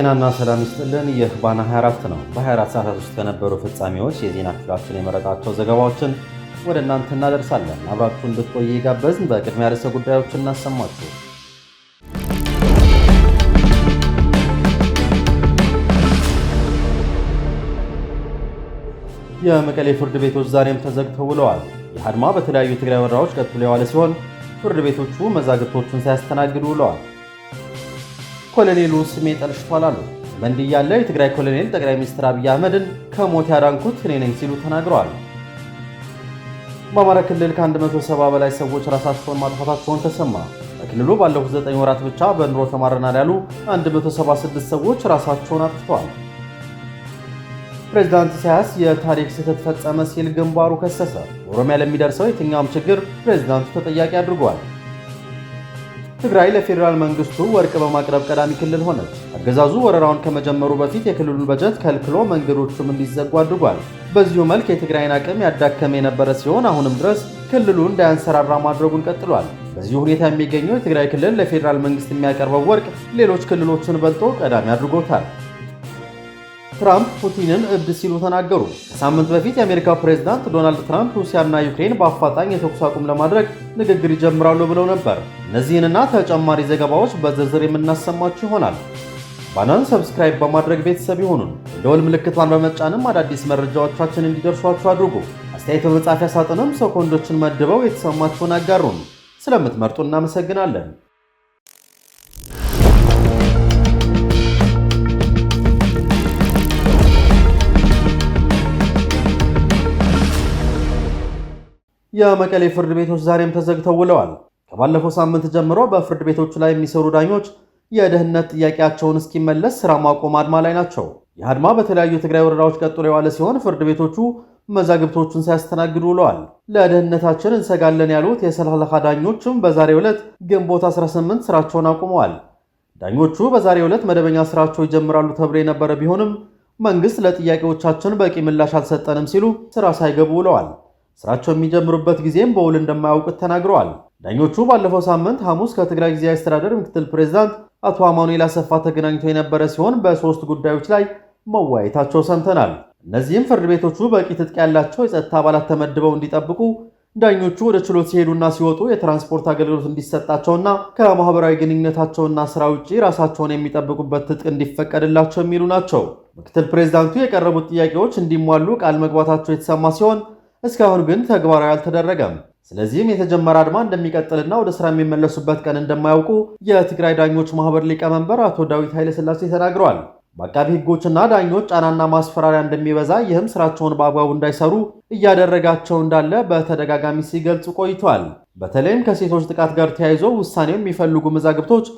ጤናና ሰላም ይስጥልን። ይህ ባና 24 ነው። በ24 ሰዓታት ውስጥ ከነበሩ ፍጻሜዎች የዜና ክፍላችን የመረጣቸው ዘገባዎችን ወደ እናንተ እናደርሳለን። አብራችሁ እንድትቆይ የጋበዝን። በቅድሚያ ርዕሰ ጉዳዮች እናሰማችሁ። የመቀሌ ፍርድ ቤቶች ዛሬም ተዘግተው ውለዋል። ይህ አድማ በተለያዩ የትግራይ ወረዳዎች ቀጥሎ የዋለ ሲሆን ፍርድ ቤቶቹ መዛግብቶቹን ሳያስተናግዱ ውለዋል። ኮሎኔሉ ስሜ ጠልሽቷል አሉ። በእንዲህ ያለ የትግራይ ኮሎኔል ጠቅላይ ሚኒስትር አብይ አህመድን ከሞት ያዳንኩት እኔ ነኝ ሲሉ ተናግረዋል። በአማራ ክልል ከ170 በላይ ሰዎች ራሳቸውን ማጥፋታቸውን ተሰማ። በክልሉ ባለፉት 9 ወራት ብቻ በኑሮ ተማረናል ያሉ 176 ሰዎች ራሳቸውን አጥፍተዋል። ፕሬዚዳንት ኢሳያስ የታሪክ ስህተት ፈጸመ ሲል ግንባሩ ከሰሰ። በኦሮሚያ ለሚደርሰው የትኛውም ችግር ፕሬዚዳንቱ ተጠያቂ አድርጓል። ትግራይ ለፌዴራል መንግስቱ ወርቅ በማቅረብ ቀዳሚ ክልል ሆነች። አገዛዙ ወረራውን ከመጀመሩ በፊት የክልሉን በጀት ከልክሎ መንገዶቹም እንዲዘጉ አድርጓል። በዚሁ መልክ የትግራይን አቅም ያዳከመ የነበረ ሲሆን አሁንም ድረስ ክልሉ እንዳያንሰራራ ማድረጉን ቀጥሏል። በዚህ ሁኔታ የሚገኘው የትግራይ ክልል ለፌዴራል መንግስት የሚያቀርበው ወርቅ ሌሎች ክልሎችን በልጦ ቀዳሚ አድርጎታል። ትራምፕ ፑቲንን እብድ ሲሉ ተናገሩ። ከሳምንት በፊት የአሜሪካ ፕሬዝዳንት ዶናልድ ትራምፕ ሩሲያና ዩክሬን በአፋጣኝ የተኩስ አቁም ለማድረግ ንግግር ይጀምራሉ ብለው ነበር። እነዚህንና ተጨማሪ ዘገባዎች በዝርዝር የምናሰማችሁ ይሆናል። ባናን ሰብስክራይብ በማድረግ ቤተሰብ ይሆኑን የደወል ምልክቷን በመጫንም አዳዲስ መረጃዎቻችን እንዲደርሷችሁ አድርጉ። አስተያየት በመጻፊያ ሳጥንም ሰኮንዶችን መድበው የተሰማችሁን አጋሩን። ስለምትመርጡ እናመሰግናለን። የመቀሌ ፍርድ ቤቶች ዛሬም ተዘግተው ውለዋል። ከባለፈው ሳምንት ጀምሮ በፍርድ ቤቶቹ ላይ የሚሰሩ ዳኞች የደህንነት ጥያቄያቸውን እስኪመለስ ስራ ማቆም አድማ ላይ ናቸው። ይህ አድማ በተለያዩ ትግራይ ወረዳዎች ቀጥሎ የዋለ ሲሆን ፍርድ ቤቶቹ መዛግብቶቹን ሳያስተናግዱ ውለዋል። ለደህንነታችን እንሰጋለን ያሉት የሰላለካ ዳኞችም በዛሬው ዕለት ግንቦት 18 ስራቸውን አቁመዋል። ዳኞቹ በዛሬው ዕለት መደበኛ ስራቸው ይጀምራሉ ተብሎ የነበረ ቢሆንም መንግስት ለጥያቄዎቻችን በቂ ምላሽ አልሰጠንም ሲሉ ስራ ሳይገቡ ውለዋል። ስራቸው የሚጀምሩበት ጊዜም በውል እንደማያውቁት ተናግረዋል። ዳኞቹ ባለፈው ሳምንት ሐሙስ ከትግራይ ጊዜያዊ አስተዳደር ምክትል ፕሬዚዳንት አቶ አማኑኤል አሰፋ ተገናኝቶ የነበረ ሲሆን በሶስት ጉዳዮች ላይ መወያየታቸው ሰምተናል። እነዚህም ፍርድ ቤቶቹ በቂ ትጥቅ ያላቸው የጸጥታ አባላት ተመድበው እንዲጠብቁ፣ ዳኞቹ ወደ ችሎት ሲሄዱና ሲወጡ የትራንስፖርት አገልግሎት እንዲሰጣቸውና ከማህበራዊ ግንኙነታቸውና ስራ ውጪ ራሳቸውን የሚጠብቁበት ትጥቅ እንዲፈቀድላቸው የሚሉ ናቸው። ምክትል ፕሬዚዳንቱ የቀረቡት ጥያቄዎች እንዲሟሉ ቃል መግባታቸው የተሰማ ሲሆን እስካሁን ግን ተግባራዊ አልተደረገም። ስለዚህም የተጀመረ አድማ እንደሚቀጥልና ወደ ስራ የሚመለሱበት ቀን እንደማያውቁ የትግራይ ዳኞች ማህበር ሊቀመንበር አቶ ዳዊት ኃይለስላሴ ተናግረዋል። በአቃቢ ህጎችና ዳኞች ጫናና ማስፈራሪያ እንደሚበዛ ይህም ስራቸውን በአግባቡ እንዳይሰሩ እያደረጋቸው እንዳለ በተደጋጋሚ ሲገልጹ ቆይቷል። በተለይም ከሴቶች ጥቃት ጋር ተያይዞ ውሳኔው የሚፈልጉ መዛግብቶች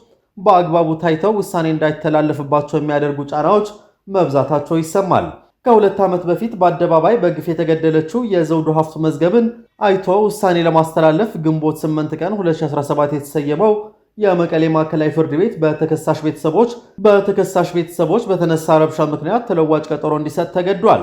በአግባቡ ታይተው ውሳኔ እንዳይተላለፍባቸው የሚያደርጉ ጫናዎች መብዛታቸው ይሰማል። ከሁለት ዓመት በፊት በአደባባይ በግፍ የተገደለችው የዘውዱ ሀፍቱ መዝገብን አይቶ ውሳኔ ለማስተላለፍ ግንቦት 8 ቀን 2017 የተሰየመው የመቀሌ ማዕከላዊ ፍርድ ቤት በተከሳሽ ቤተሰቦች በተከሳሽ ቤተሰቦች በተነሳ ረብሻ ምክንያት ተለዋጭ ቀጠሮ እንዲሰጥ ተገዷል።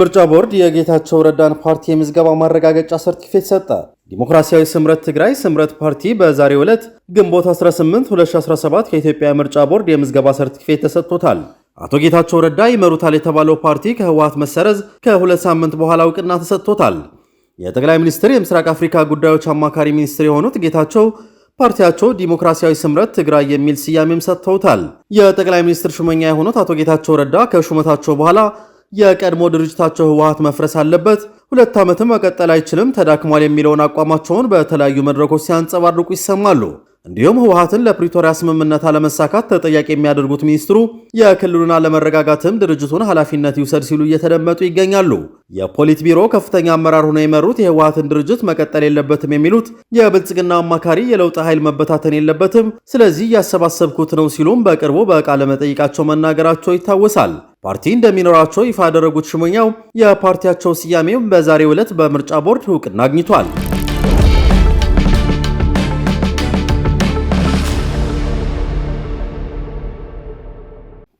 ምርጫ ቦርድ የጌታቸው ረዳን ፓርቲ የምዝገባ ማረጋገጫ ሰርቲፊኬት ሰጠ። ዲሞክራሲያዊ ስምረት ትግራይ ስምረት ፓርቲ በዛሬው ዕለት ግንቦት 18 2017 ከኢትዮጵያ ምርጫ ቦርድ የምዝገባ ሰርቲፊኬት ተሰጥቶታል። አቶ ጌታቸው ረዳ ይመሩታል የተባለው ፓርቲ ከህወሀት መሰረዝ ከሁለት ሳምንት በኋላ እውቅና ተሰጥቶታል። የጠቅላይ ሚኒስትር የምስራቅ አፍሪካ ጉዳዮች አማካሪ ሚኒስትር የሆኑት ጌታቸው ፓርቲያቸው ዲሞክራሲያዊ ስምረት ትግራይ የሚል ስያሜም ሰጥተውታል። የጠቅላይ ሚኒስትር ሹመኛ የሆኑት አቶ ጌታቸው ረዳ ከሹመታቸው በኋላ የቀድሞ ድርጅታቸው ህወሀት መፍረስ አለበት ሁለት ዓመትም መቀጠል አይችልም፣ ተዳክሟል የሚለውን አቋማቸውን በተለያዩ መድረኮች ሲያንጸባርቁ ይሰማሉ። እንዲሁም ህወሀትን ለፕሪቶሪያ ስምምነት አለመሳካት ተጠያቂ የሚያደርጉት ሚኒስትሩ የክልሉን አለመረጋጋትም ድርጅቱን ኃላፊነት ይውሰድ ሲሉ እየተደመጡ ይገኛሉ። የፖሊት ቢሮ ከፍተኛ አመራር ሆነው የመሩት የህወሀትን ድርጅት መቀጠል የለበትም የሚሉት የብልጽግና አማካሪ የለውጥ ኃይል መበታተን የለበትም፣ ስለዚህ እያሰባሰብኩት ነው ሲሉም በቅርቡ በቃለመጠይቃቸው መናገራቸው ይታወሳል። ፓርቲ እንደሚኖራቸው ይፋ ያደረጉት ሽሙኛው የፓርቲያቸው ስያሜም በዛሬው ዕለት በምርጫ ቦርድ እውቅና አግኝቷል።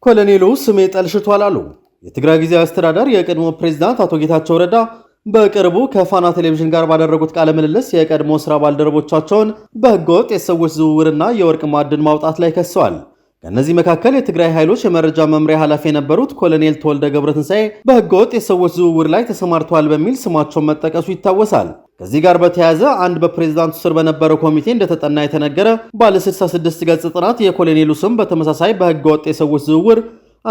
ኮሎኔሉ ስሜ ጠልሽቷል አሉ። የትግራይ ጊዜያዊ አስተዳደር የቀድሞ ፕሬዚዳንት አቶ ጌታቸው ረዳ በቅርቡ ከፋና ቴሌቪዥን ጋር ባደረጉት ቃለ ምልልስ የቀድሞ ስራ ባልደረቦቻቸውን በህገወጥ የሰዎች ዝውውርና የወርቅ ማዕድን ማውጣት ላይ ከሰዋል። ከእነዚህ መካከል የትግራይ ኃይሎች የመረጃ መምሪያ ኃላፊ የነበሩት ኮሎኔል ተወልደ ገብረትንሳኤ በህገወጥ የሰዎች ዝውውር ላይ ተሰማርተዋል በሚል ስማቸውን መጠቀሱ ይታወሳል። ከዚህ ጋር በተያያዘ አንድ በፕሬዝዳንቱ ስር በነበረው ኮሚቴ እንደተጠና የተነገረ ባለ 66 ገጽ ጥናት የኮሎኔሉ ስም በተመሳሳይ በህገወጥ የሰዎች ዝውውር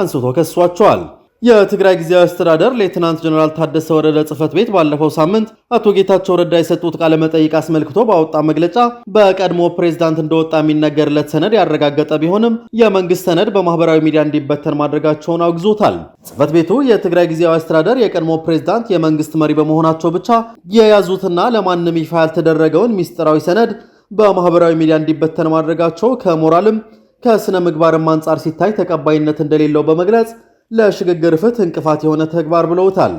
አንስቶ ከሷቸዋል። የትግራይ ጊዜያዊ አስተዳደር ሌትናንት ጀነራል ታደሰ ወረደ ጽህፈት ቤት ባለፈው ሳምንት አቶ ጌታቸው ረዳ የሰጡት ቃለ መጠይቅ አስመልክቶ ባወጣ መግለጫ በቀድሞ ፕሬዝዳንት እንደወጣ የሚነገርለት ሰነድ ያረጋገጠ ቢሆንም የመንግስት ሰነድ በማህበራዊ ሚዲያ እንዲበተን ማድረጋቸውን አውግዞታል። ጽህፈት ቤቱ የትግራይ ጊዜያዊ አስተዳደር የቀድሞ ፕሬዝዳንት የመንግስት መሪ በመሆናቸው ብቻ የያዙትና ለማንም ይፋ ያልተደረገውን ሚስጥራዊ ሰነድ በማህበራዊ ሚዲያ እንዲበተን ማድረጋቸው ከሞራልም ከስነ ምግባርም አንጻር ሲታይ ተቀባይነት እንደሌለው በመግለጽ ለሽግግር ፍትህ እንቅፋት የሆነ ተግባር ብለውታል።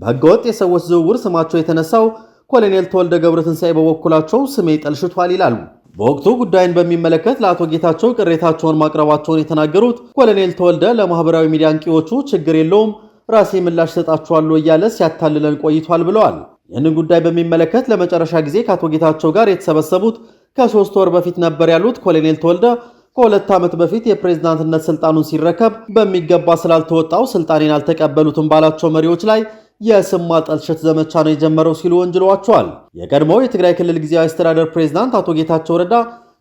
በህገወጥ የሰዎች ዝውውር ስማቸው የተነሳው ኮሎኔል ተወልደ ገብረ ትንሣኤ በበኩላቸው ስሜ ጠልሽቷል ይላሉ። በወቅቱ ጉዳይን በሚመለከት ለአቶ ጌታቸው ቅሬታቸውን ማቅረባቸውን የተናገሩት ኮሎኔል ተወልደ ለማህበራዊ ሚዲያ አንቂዎቹ ችግር የለውም ራሴ ምላሽ ሰጣችኋለሁ እያለ ሲያታልለን ቆይቷል ብለዋል። ይህንን ጉዳይ በሚመለከት ለመጨረሻ ጊዜ ከአቶ ጌታቸው ጋር የተሰበሰቡት ከሶስት ወር በፊት ነበር ያሉት ኮሎኔል ተወልደ ከሁለት ዓመት በፊት የፕሬዝዳንትነት ስልጣኑን ሲረከብ በሚገባ ስላልተወጣው ስልጣኔን አልተቀበሉትም ባላቸው መሪዎች ላይ የስም ማጠልሸት ዘመቻ ነው የጀመረው ሲሉ ወንጅለዋቸዋል። የቀድሞው የትግራይ ክልል ጊዜያዊ አስተዳደር ፕሬዝዳንት አቶ ጌታቸው ረዳ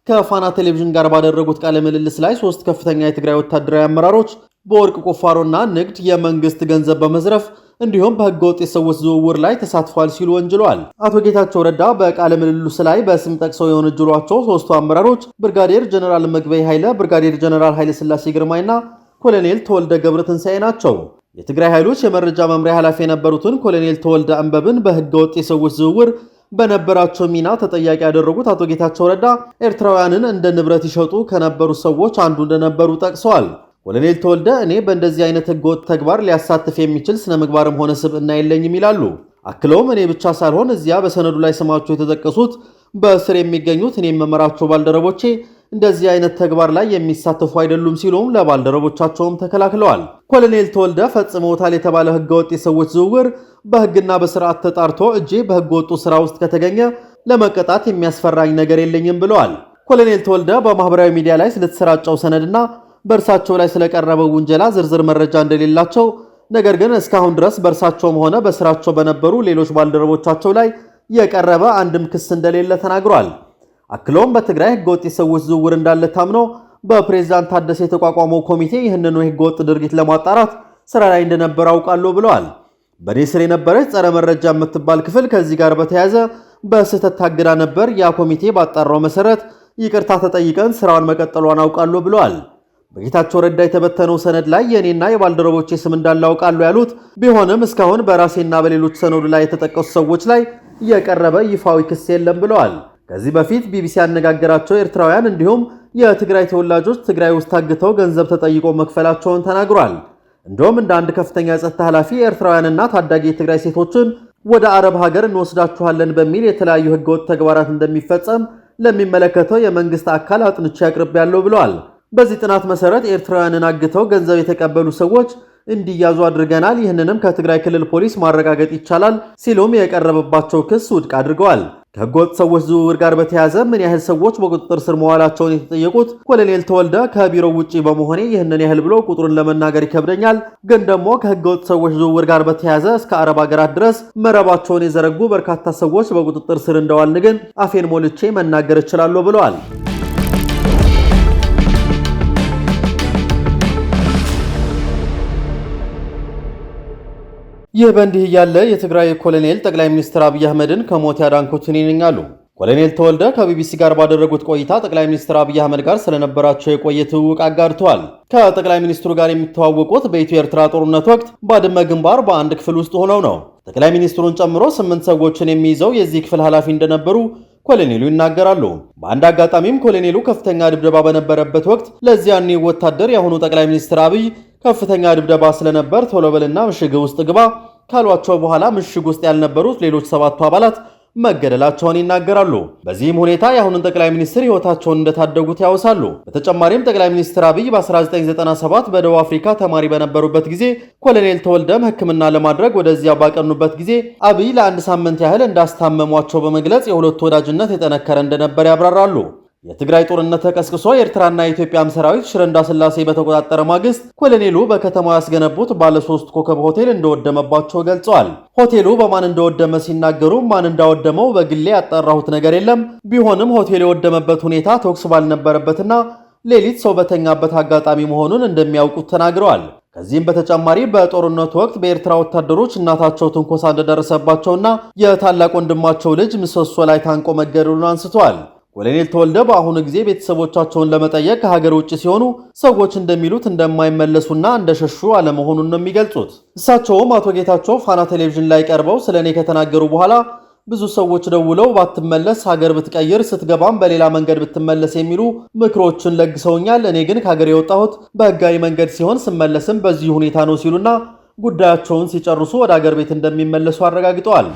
ከፋና ቴሌቪዥን ጋር ባደረጉት ቃለ ምልልስ ላይ ሶስት ከፍተኛ የትግራይ ወታደራዊ አመራሮች በወርቅ ቁፋሮና ንግድ የመንግስት ገንዘብ በመዝረፍ እንዲሁም በህገወጥ የሰዎች ዝውውር ላይ ተሳትፏል ሲሉ ወንጅሏል። አቶ ጌታቸው ረዳ በቃለ ምልልስ ላይ በስም ጠቅሰው የወነጀሏቸው ሶስቱ አመራሮች ብርጋዴር ጀነራል መግበይ ኃይለ፣ ብርጋዴር ጀነራል ኃይለ ስላሴ ግርማይና ኮሎኔል ተወልደ ገብረ ትንሣኤ ናቸው። የትግራይ ኃይሎች የመረጃ መምሪያ ኃላፊ የነበሩትን ኮሎኔል ተወልደ አንበብን በህገወጥ የሰዎች ዝውውር በነበራቸው ሚና ተጠያቂ ያደረጉት አቶ ጌታቸው ረዳ ኤርትራውያንን እንደ ንብረት ይሸጡ ከነበሩ ሰዎች አንዱ እንደነበሩ ጠቅሰዋል። ኮሎኔል ተወልደ እኔ በእንደዚህ አይነት ህገወጥ ተግባር ሊያሳትፍ የሚችል ስነ ምግባርም ሆነ ስብዕና የለኝም ይላሉ። አክለውም እኔ ብቻ ሳልሆን እዚያ በሰነዱ ላይ ስማቸው የተጠቀሱት በእስር የሚገኙት እኔ የምመራቸው ባልደረቦቼ እንደዚህ አይነት ተግባር ላይ የሚሳተፉ አይደሉም ሲሉም ለባልደረቦቻቸውም ተከላክለዋል። ኮሎኔል ተወልደ ፈጽመውታል የተባለ ህገወጥ የሰዎች ዝውውር በህግና በስርዓት ተጣርቶ እጄ በህገወጡ ስራ ውስጥ ከተገኘ ለመቀጣት የሚያስፈራኝ ነገር የለኝም ብለዋል። ኮሎኔል ተወልደ በማህበራዊ ሚዲያ ላይ ስለተሰራጨው ሰነድና በእርሳቸው ላይ ስለቀረበው ውንጀላ ዝርዝር መረጃ እንደሌላቸው፣ ነገር ግን እስካሁን ድረስ በእርሳቸውም ሆነ በስራቸው በነበሩ ሌሎች ባልደረቦቻቸው ላይ የቀረበ አንድም ክስ እንደሌለ ተናግሯል። አክሎም በትግራይ ህገወጥ የሰዎች ዝውውር እንዳለ ታምኖ በፕሬዝዳንት ታደሰ የተቋቋመው ኮሚቴ ይህንኑ ህገወጥ ድርጊት ለማጣራት ስራ ላይ እንደነበረ አውቃለሁ ብለዋል። በእኔ ስር የነበረች ጸረ መረጃ የምትባል ክፍል ከዚህ ጋር በተያያዘ በስህተት ታግዳ ነበር። ያ ኮሚቴ ባጣራው መሰረት ይቅርታ ተጠይቀን ስራዋን መቀጠሏን አውቃለሁ ብለዋል። በጌታቸው ረዳ የተበተነው ሰነድ ላይ የእኔና የባልደረቦቼ ስም እንዳላውቃሉ ያሉት ቢሆንም እስካሁን በራሴና በሌሎች ሰነዱ ላይ የተጠቀሱ ሰዎች ላይ የቀረበ ይፋዊ ክስ የለም ብለዋል። ከዚህ በፊት ቢቢሲ ያነጋገራቸው ኤርትራውያን እንዲሁም የትግራይ ተወላጆች ትግራይ ውስጥ ታግተው ገንዘብ ተጠይቆ መክፈላቸውን ተናግሯል። እንዲሁም እንደ አንድ ከፍተኛ የጸጥታ ኃላፊ ኤርትራውያንና ታዳጊ የትግራይ ሴቶችን ወደ አረብ ሀገር እንወስዳችኋለን በሚል የተለያዩ ህገወጥ ተግባራት እንደሚፈጸም ለሚመለከተው የመንግስት አካል አጥንቼ አቅርቤያለሁ ብለዋል። በዚህ ጥናት መሰረት ኤርትራውያንን አግተው ገንዘብ የተቀበሉ ሰዎች እንዲያዙ አድርገናል። ይህንንም ከትግራይ ክልል ፖሊስ ማረጋገጥ ይቻላል ሲሉም የቀረበባቸው ክስ ውድቅ አድርገዋል። ከህገወጥ ሰዎች ዝውውር ጋር በተያያዘ ምን ያህል ሰዎች በቁጥጥር ስር መዋላቸውን የተጠየቁት ኮሎኔል ተወልደ ከቢሮው ውጪ በመሆኔ ይህንን ያህል ብሎ ቁጥሩን ለመናገር ይከብደኛል፣ ግን ደግሞ ከህገወጥ ሰዎች ዝውውር ጋር በተያያዘ እስከ አረብ ሀገራት ድረስ መረባቸውን የዘረጉ በርካታ ሰዎች በቁጥጥር ስር እንደዋልን ግን አፌን ሞልቼ መናገር እችላለሁ ብለዋል። ይህ በእንዲህ እያለ የትግራይ ኮሎኔል ጠቅላይ ሚኒስትር አብይ አህመድን ከሞት ያዳንኩት እኔ ነኝ አሉ። ኮሎኔል ተወልደ ከቢቢሲ ጋር ባደረጉት ቆይታ ጠቅላይ ሚኒስትር አብይ አህመድ ጋር ስለነበራቸው የቆየ ትውውቅ አጋርተዋል። ከጠቅላይ ሚኒስትሩ ጋር የሚተዋወቁት በኢትዮ ኤርትራ ጦርነት ወቅት ባድመ ግንባር በአንድ ክፍል ውስጥ ሆነው ነው። ጠቅላይ ሚኒስትሩን ጨምሮ ስምንት ሰዎችን የሚይዘው የዚህ ክፍል ኃላፊ እንደነበሩ ኮሎኔሉ ይናገራሉ። በአንድ አጋጣሚም ኮሎኔሉ ከፍተኛ ድብደባ በነበረበት ወቅት ለዚያኔ ወታደር የአሁኑ ጠቅላይ ሚኒስትር አብይ ከፍተኛ ድብደባ ስለነበር ቶሎ በልና ምሽግ ውስጥ ግባ ካሏቸው በኋላ ምሽግ ውስጥ ያልነበሩት ሌሎች ሰባቱ አባላት መገደላቸውን ይናገራሉ። በዚህም ሁኔታ የአሁኑን ጠቅላይ ሚኒስትር ሕይወታቸውን እንደታደጉት ያውሳሉ። በተጨማሪም ጠቅላይ ሚኒስትር አብይ በ1997 በደቡብ አፍሪካ ተማሪ በነበሩበት ጊዜ ኮሎኔል ተወልደም ሕክምና ለማድረግ ወደዚያ ባቀኑበት ጊዜ አብይ ለአንድ ሳምንት ያህል እንዳስታመሟቸው በመግለጽ የሁለቱ ወዳጅነት የጠነከረ እንደነበር ያብራራሉ። የትግራይ ጦርነት ተቀስቅሶ የኤርትራና የኢትዮጵያም ሰራዊት ሽረ እንዳስላሴ በተቆጣጠረ ማግስት ኮሎኔሉ በከተማው ያስገነቡት ባለሶስት ኮከብ ሆቴል እንደወደመባቸው ገልጸዋል። ሆቴሉ በማን እንደወደመ ሲናገሩ ማን እንዳወደመው በግሌ ያጣራሁት ነገር የለም። ቢሆንም ሆቴል የወደመበት ሁኔታ ተኩስ ባልነበረበትና ሌሊት ሰው በተኛበት አጋጣሚ መሆኑን እንደሚያውቁት ተናግረዋል። ከዚህም በተጨማሪ በጦርነቱ ወቅት በኤርትራ ወታደሮች እናታቸው ትንኮሳ እንደደረሰባቸውና የታላቅ ወንድማቸው ልጅ ምሰሶ ላይ ታንቆ መገደሉን አንስተዋል። ኮሎኔል ተወልደ በአሁኑ ጊዜ ቤተሰቦቻቸውን ለመጠየቅ ከሀገር ውጭ ሲሆኑ ሰዎች እንደሚሉት እንደማይመለሱና እንደሸሹ አለመሆኑን ነው የሚገልጹት። እሳቸውም አቶ ጌታቸው ፋና ቴሌቪዥን ላይ ቀርበው ስለ እኔ ከተናገሩ በኋላ ብዙ ሰዎች ደውለው ባትመለስ ሀገር ብትቀይር ስትገባም በሌላ መንገድ ብትመለስ የሚሉ ምክሮችን ለግሰውኛል። እኔ ግን ከሀገር የወጣሁት በህጋዊ መንገድ ሲሆን ስመለስም በዚህ ሁኔታ ነው ሲሉና ጉዳያቸውን ሲጨርሱ ወደ ሀገር ቤት እንደሚመለሱ አረጋግጠዋል።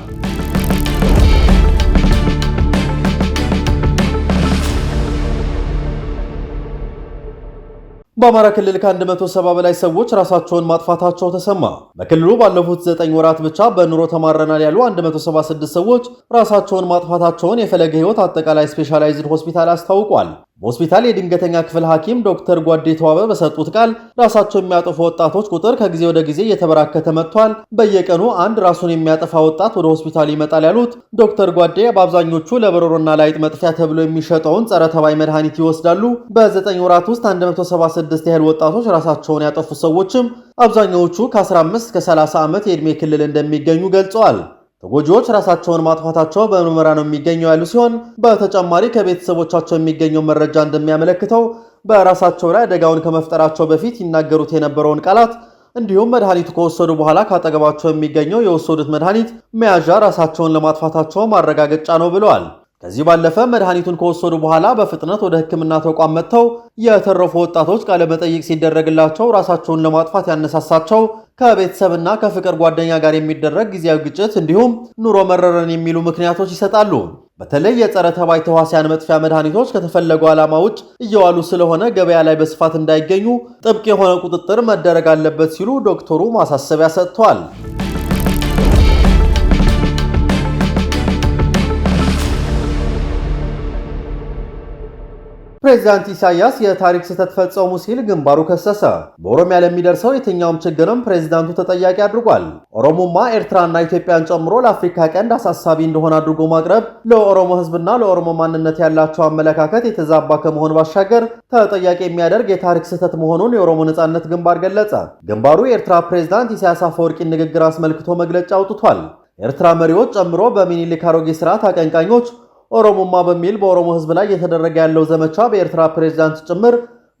በአማራ ክልል ከ170 በላይ ሰዎች ራሳቸውን ማጥፋታቸው ተሰማ። በክልሉ ባለፉት 9 ወራት ብቻ በኑሮ ተማረናል ያሉ 176 ሰዎች ራሳቸውን ማጥፋታቸውን የፈለገ ሕይወት አጠቃላይ ስፔሻላይዝድ ሆስፒታል አስታውቋል። በሆስፒታል የድንገተኛ ክፍል ሐኪም ዶክተር ጓዴ ተዋበ በሰጡት ቃል ራሳቸው የሚያጠፉ ወጣቶች ቁጥር ከጊዜ ወደ ጊዜ እየተበራከተ መጥቷል። በየቀኑ አንድ ራሱን የሚያጠፋ ወጣት ወደ ሆስፒታል ይመጣል ያሉት ዶክተር ጓዴ በአብዛኞቹ ለበረሮና ለአይጥ መጥፊያ ተብሎ የሚሸጠውን ጸረ ተባይ መድኃኒት ይወስዳሉ። በዘጠኝ ወራት ውስጥ 176 ያህል ወጣቶች ራሳቸውን ያጠፉ ሰዎችም አብዛኛዎቹ ከ15 እስከ 30 ዓመት የዕድሜ ክልል እንደሚገኙ ገልጸዋል። ተጎጂዎች ራሳቸውን ማጥፋታቸው በምርመራ ነው የሚገኘው ያሉ ሲሆን በተጨማሪ ከቤተሰቦቻቸው የሚገኘው መረጃ እንደሚያመለክተው በራሳቸው ላይ አደጋውን ከመፍጠራቸው በፊት ይናገሩት የነበረውን ቃላት እንዲሁም መድኃኒቱ ከወሰዱ በኋላ ካጠገባቸው የሚገኘው የወሰዱት መድኃኒት መያዣ ራሳቸውን ለማጥፋታቸው ማረጋገጫ ነው ብለዋል። ከዚህ ባለፈ መድኃኒቱን ከወሰዱ በኋላ በፍጥነት ወደ ሕክምና ተቋም መጥተው የተረፉ ወጣቶች ቃለመጠይቅ ሲደረግላቸው ራሳቸውን ለማጥፋት ያነሳሳቸው ከቤተሰብና ከፍቅር ጓደኛ ጋር የሚደረግ ጊዜያዊ ግጭት እንዲሁም ኑሮ መረረን የሚሉ ምክንያቶች ይሰጣሉ። በተለይ የጸረ ተባይ ተዋሲያን መጥፊያ መድኃኒቶች ከተፈለጉ ዓላማ ውጭ እየዋሉ ስለሆነ ገበያ ላይ በስፋት እንዳይገኙ ጥብቅ የሆነ ቁጥጥር መደረግ አለበት ሲሉ ዶክተሩ ማሳሰቢያ ሰጥቷል። ፕሬዚዳንት ኢሳያስ የታሪክ ስህተት ፈጸሙ ሲል ግንባሩ ከሰሰ። በኦሮሚያ ለሚደርሰው የትኛውም ችግርም ፕሬዚዳንቱ ተጠያቂ አድርጓል። ኦሮሞማ ኤርትራና ኢትዮጵያን ጨምሮ ለአፍሪካ ቀንድ አሳሳቢ እንደሆነ አድርጎ ማቅረብ ለኦሮሞ ሕዝብና ለኦሮሞ ማንነት ያላቸው አመለካከት የተዛባ ከመሆን ባሻገር ተጠያቂ የሚያደርግ የታሪክ ስህተት መሆኑን የኦሮሞ ነጻነት ግንባር ገለጸ። ግንባሩ የኤርትራ ፕሬዚዳንት ኢሳያስ አፈወርቂ ንግግር አስመልክቶ መግለጫ አውጥቷል። ኤርትራ መሪዎች ጨምሮ በሚኒሊክ አሮጌ ስርዓት አቀንቃኞች ኦሮሞማ በሚል በኦሮሞ ህዝብ ላይ እየተደረገ ያለው ዘመቻ በኤርትራ ፕሬዝዳንት ጭምር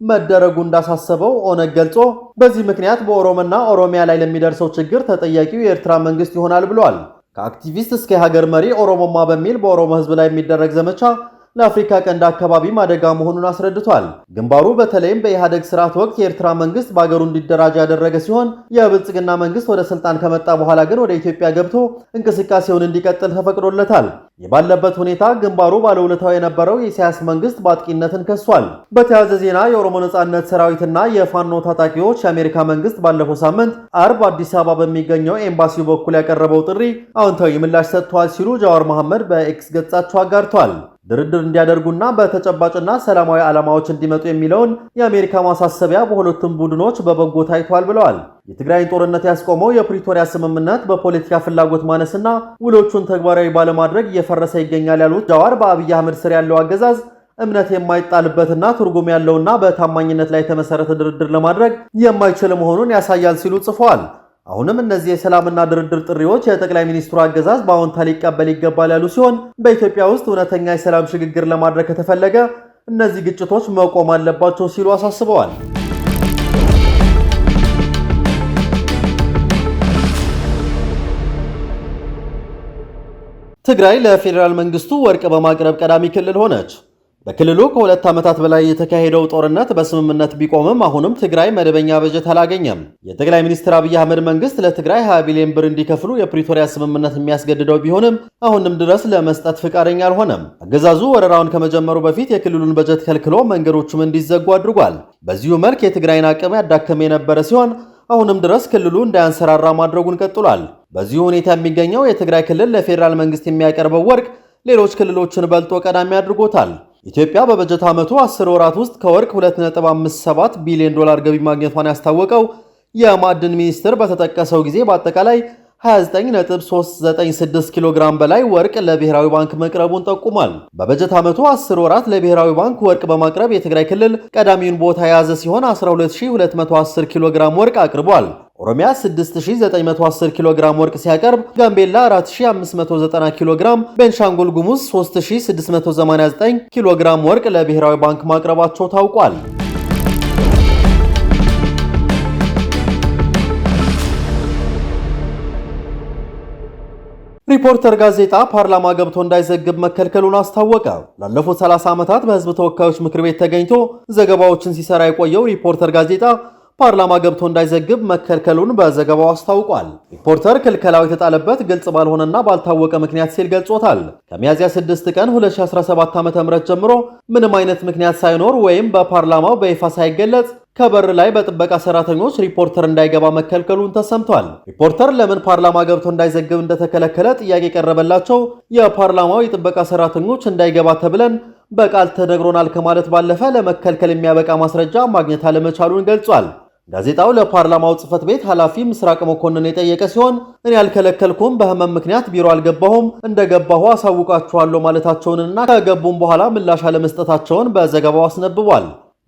መደረጉ እንዳሳሰበው ኦነግ ገልጾ በዚህ ምክንያት በኦሮምና ኦሮሚያ ላይ ለሚደርሰው ችግር ተጠያቂው የኤርትራ መንግስት ይሆናል ብሏል። ከአክቲቪስት እስከ የሀገር መሪ ኦሮሞማ በሚል በኦሮሞ ህዝብ ላይ የሚደረግ ዘመቻ ለአፍሪካ ቀንድ አካባቢም አደጋ መሆኑን አስረድቷል። ግንባሩ በተለይም በኢህአደግ ስርዓት ወቅት የኤርትራ መንግስት በአገሩ እንዲደራጅ ያደረገ ሲሆን የብልጽግና መንግስት ወደ ስልጣን ከመጣ በኋላ ግን ወደ ኢትዮጵያ ገብቶ እንቅስቃሴውን እንዲቀጥል ተፈቅዶለታል። የባለበት ሁኔታ ግንባሩ ባለውለታው የነበረው የኢሳያስ መንግስት በአጥቂነትን ከሷል። በተያያዘ ዜና የኦሮሞ ነጻነት ሰራዊትና የፋኖ ታጣቂዎች የአሜሪካ መንግስት ባለፈው ሳምንት አርብ አዲስ አበባ በሚገኘው ኤምባሲው በኩል ያቀረበው ጥሪ አዎንታዊ ምላሽ ሰጥቷል ሲሉ ጃዋር መሐመድ በኤክስ ገጻቸው አጋርቷል። ድርድር እንዲያደርጉና በተጨባጭና ሰላማዊ ዓላማዎች እንዲመጡ የሚለውን የአሜሪካ ማሳሰቢያ በሁለቱም ቡድኖች በበጎ ታይቷል ብለዋል። የትግራይን ጦርነት ያስቆመው የፕሪቶሪያ ስምምነት በፖለቲካ ፍላጎት ማነስና ውሎቹን ተግባራዊ ባለማድረግ እየፈረሰ ይገኛል ያሉት ጃዋር በአብይ አህመድ ስር ያለው አገዛዝ እምነት የማይጣልበትና ትርጉም ያለውና በታማኝነት ላይ የተመሰረተ ድርድር ለማድረግ የማይችል መሆኑን ያሳያል ሲሉ ጽፏል። አሁንም እነዚህ የሰላምና ድርድር ጥሪዎች የጠቅላይ ሚኒስትሩ አገዛዝ በአዎንታ ሊቀበል ይገባል ያሉ ሲሆን በኢትዮጵያ ውስጥ እውነተኛ የሰላም ሽግግር ለማድረግ ከተፈለገ እነዚህ ግጭቶች መቆም አለባቸው ሲሉ አሳስበዋል። ትግራይ ለፌዴራል መንግስቱ ወርቅ በማቅረብ ቀዳሚ ክልል ሆነች። በክልሉ ከሁለት ዓመታት በላይ የተካሄደው ጦርነት በስምምነት ቢቆምም አሁንም ትግራይ መደበኛ በጀት አላገኘም። የጠቅላይ ሚኒስትር አብይ አህመድ መንግስት ለትግራይ 20 ቢሊዮን ብር እንዲከፍሉ የፕሪቶሪያ ስምምነት የሚያስገድደው ቢሆንም አሁንም ድረስ ለመስጠት ፍቃደኛ አልሆነም። አገዛዙ ወረራውን ከመጀመሩ በፊት የክልሉን በጀት ከልክሎ መንገዶቹም እንዲዘጉ አድርጓል። በዚሁ መልክ የትግራይን አቅም ያዳከመ የነበረ ሲሆን አሁንም ድረስ ክልሉ እንዳያንሰራራ ማድረጉን ቀጥሏል። በዚሁ ሁኔታ የሚገኘው የትግራይ ክልል ለፌዴራል መንግስት የሚያቀርበው ወርቅ ሌሎች ክልሎችን በልጦ ቀዳሚ አድርጎታል። ኢትዮጵያ በበጀት ዓመቱ 10 ወራት ውስጥ ከወርቅ 2.57 ቢሊዮን ዶላር ገቢ ማግኘቷን ያስታወቀው የማዕድን ሚኒስቴር በተጠቀሰው ጊዜ በአጠቃላይ 29396 ኪሎ ግራም በላይ ወርቅ ለብሔራዊ ባንክ መቅረቡን ጠቁሟል። በበጀት ዓመቱ 10 ወራት ለብሔራዊ ባንክ ወርቅ በማቅረብ የትግራይ ክልል ቀዳሚውን ቦታ የያዘ ሲሆን 12210 ኪሎ ግራም ወርቅ አቅርቧል። ኦሮሚያ 6910 ኪሎ ግራም ወርቅ ሲያቀርብ ጋምቤላ 4590 ኪሎ ግራም፣ ቤንሻንጉል ጉሙዝ 3689 ኪሎ ግራም ወርቅ ለብሔራዊ ባንክ ማቅረባቸው ታውቋል። ሪፖርተር ጋዜጣ ፓርላማ ገብቶ እንዳይዘግብ መከልከሉን አስታወቀ። ላለፉት 30 ዓመታት በሕዝብ ተወካዮች ምክር ቤት ተገኝቶ ዘገባዎችን ሲሰራ የቆየው ሪፖርተር ጋዜጣ ፓርላማ ገብቶ እንዳይዘግብ መከልከሉን በዘገባው አስታውቋል። ሪፖርተር ክልከላው የተጣለበት ግልጽ ባልሆነና ባልታወቀ ምክንያት ሲል ገልጾታል። ከሚያዝያ 6 ቀን 2017 ዓ.ም ጀምሮ ምንም አይነት ምክንያት ሳይኖር ወይም በፓርላማው በይፋ ሳይገለጽ ከበር ላይ በጥበቃ ሰራተኞች ሪፖርተር እንዳይገባ መከልከሉን ተሰምቷል። ሪፖርተር ለምን ፓርላማ ገብቶ እንዳይዘግብ እንደተከለከለ ጥያቄ ቀረበላቸው። የፓርላማው የጥበቃ ሰራተኞች እንዳይገባ ተብለን በቃል ተነግሮናል ከማለት ባለፈ ለመከልከል የሚያበቃ ማስረጃ ማግኘት አለመቻሉን ገልጿል። ጋዜጣው ለፓርላማው ጽህፈት ቤት ኃላፊ ምስራቅ መኮንን የጠየቀ ሲሆን እኔ ያልከለከልኩም፣ በህመም ምክንያት ቢሮ አልገባሁም፣ እንደገባሁ አሳውቃችኋለሁ ማለታቸውንና ከገቡም በኋላ ምላሽ አለመስጠታቸውን በዘገባው አስነብቧል።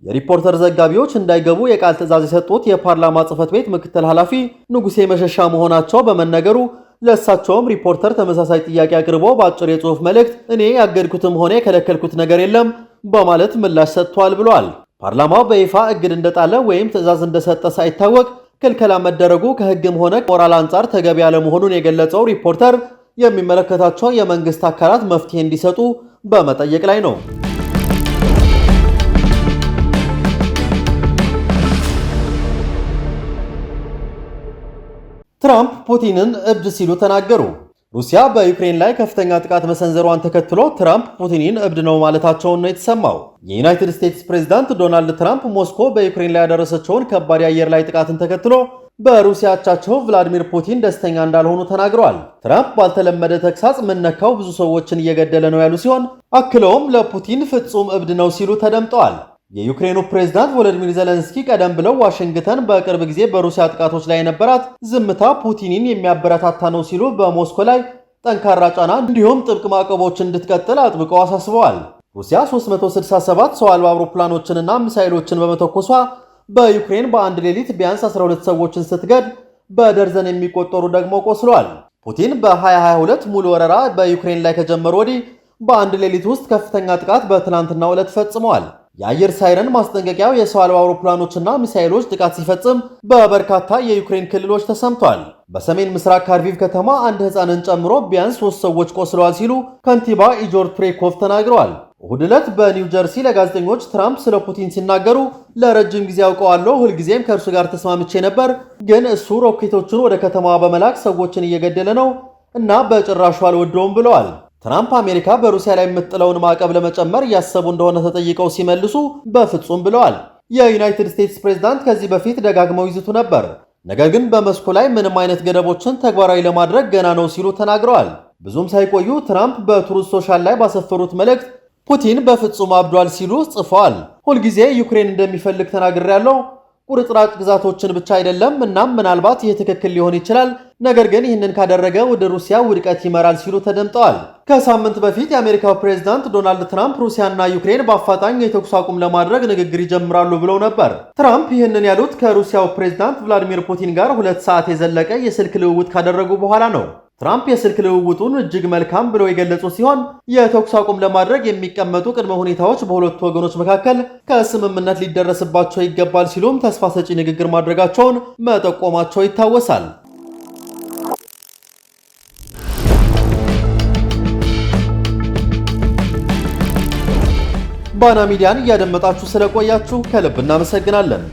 የሪፖርተር ዘጋቢዎች እንዳይገቡ የቃል ትዕዛዝ የሰጡት የፓርላማ ጽህፈት ቤት ምክትል ኃላፊ ንጉሴ መሸሻ መሆናቸው በመነገሩ ለእሳቸውም ሪፖርተር ተመሳሳይ ጥያቄ አቅርቦ በአጭር የጽሑፍ መልእክት እኔ ያገድኩትም ሆነ የከለከልኩት ነገር የለም በማለት ምላሽ ሰጥቷል ብሏል። ፓርላማው በይፋ እግድ እንደጣለ ወይም ትዕዛዝ እንደሰጠ ሳይታወቅ ክልከላ መደረጉ ከሕግም ሆነ ሞራል አንጻር ተገቢ ያለመሆኑን የገለጸው ሪፖርተር የሚመለከታቸው የመንግስት አካላት መፍትሄ እንዲሰጡ በመጠየቅ ላይ ነው። ትራምፕ ፑቲንን እብድ ሲሉ ተናገሩ። ሩሲያ በዩክሬን ላይ ከፍተኛ ጥቃት መሰንዘሯን ተከትሎ ትራምፕ ፑቲንን እብድ ነው ማለታቸውን ነው የተሰማው። የዩናይትድ ስቴትስ ፕሬዝዳንት ዶናልድ ትራምፕ ሞስኮ በዩክሬን ላይ ያደረሰችውን ከባድ የአየር ላይ ጥቃትን ተከትሎ በሩሲያ አቻቸው ቭላዲሚር ፑቲን ደስተኛ እንዳልሆኑ ተናግረዋል። ትራምፕ ባልተለመደ ተግሳጽ ምነካው ብዙ ሰዎችን እየገደለ ነው ያሉ ሲሆን አክለውም ለፑቲን ፍጹም እብድ ነው ሲሉ ተደምጠዋል። የዩክሬኑ ፕሬዝዳንት ቮሎዲሚር ዘለንስኪ ቀደም ብለው ዋሽንግተን በቅርብ ጊዜ በሩሲያ ጥቃቶች ላይ የነበራት ዝምታ ፑቲንን የሚያበረታታ ነው ሲሉ በሞስኮ ላይ ጠንካራ ጫና እንዲሁም ጥብቅ ማዕቀቦች እንድትቀጥል አጥብቀው አሳስበዋል። ሩሲያ 367 ሰው አልባ አውሮፕላኖችንና ሚሳይሎችን በመተኮሷ በዩክሬን በአንድ ሌሊት ቢያንስ 12 ሰዎችን ስትገድ በደርዘን የሚቆጠሩ ደግሞ ቆስሏል። ፑቲን በ2022 ሙሉ ወረራ በዩክሬን ላይ ከጀመሩ ወዲህ በአንድ ሌሊት ውስጥ ከፍተኛ ጥቃት በትናንትናው ዕለት ፈጽመዋል። የአየር ሳይረን ማስጠንቀቂያው የሰው አልባ አውሮፕላኖችና ሚሳይሎች ጥቃት ሲፈጽም በበርካታ የዩክሬን ክልሎች ተሰምቷል። በሰሜን ምስራቅ ካርቪቭ ከተማ አንድ ሕፃንን ጨምሮ ቢያንስ ሶስት ሰዎች ቆስለዋል ሲሉ ከንቲባ ኢጆር ትሬኮቭ ተናግረዋል። እሁድ ዕለት በኒው ጀርሲ ለጋዜጠኞች ትራምፕ ስለ ፑቲን ሲናገሩ ለረጅም ጊዜ አውቀዋለሁ፣ ሁልጊዜም ከእርሱ ጋር ተስማምቼ ነበር። ግን እሱ ሮኬቶቹን ወደ ከተማዋ በመላክ ሰዎችን እየገደለ ነው እና በጭራሹ አልወደውም ብለዋል። ትራምፕ አሜሪካ በሩሲያ ላይ የምትጥለውን ማዕቀብ ለመጨመር እያሰቡ እንደሆነ ተጠይቀው ሲመልሱ በፍጹም ብለዋል። የዩናይትድ ስቴትስ ፕሬዝዳንት ከዚህ በፊት ደጋግመው ይዝቱ ነበር፣ ነገር ግን በመስኩ ላይ ምንም አይነት ገደቦችን ተግባራዊ ለማድረግ ገና ነው ሲሉ ተናግረዋል። ብዙም ሳይቆዩ ትራምፕ በትሩዝ ሶሻል ላይ ባሰፈሩት መልእክት ፑቲን በፍጹም አብዷል ሲሉ ጽፈዋል። ሁልጊዜ ዩክሬን እንደሚፈልግ ተናግሬያለሁ ቁርጥራጭ ግዛቶችን ብቻ አይደለም። እናም ምናልባት ይህ ትክክል ሊሆን ይችላል፣ ነገር ግን ይህንን ካደረገ ወደ ሩሲያ ውድቀት ይመራል ሲሉ ተደምጠዋል። ከሳምንት በፊት የአሜሪካው ፕሬዝዳንት ዶናልድ ትራምፕ ሩሲያና ዩክሬን በአፋጣኝ የተኩስ አቁም ለማድረግ ንግግር ይጀምራሉ ብለው ነበር። ትራምፕ ይህንን ያሉት ከሩሲያው ፕሬዝዳንት ቭላዲሚር ፑቲን ጋር ሁለት ሰዓት የዘለቀ የስልክ ልውውጥ ካደረጉ በኋላ ነው። ትራምፕ የስልክ ልውውጡን እጅግ መልካም ብለው የገለጹ ሲሆን የተኩስ አቁም ለማድረግ የሚቀመጡ ቅድመ ሁኔታዎች በሁለቱ ወገኖች መካከል ከስምምነት ሊደረስባቸው ይገባል ሲሉም ተስፋ ሰጪ ንግግር ማድረጋቸውን መጠቆማቸው ይታወሳል። ባና ሚዲያን እያደመጣችሁ ስለቆያችሁ ከልብ እናመሰግናለን።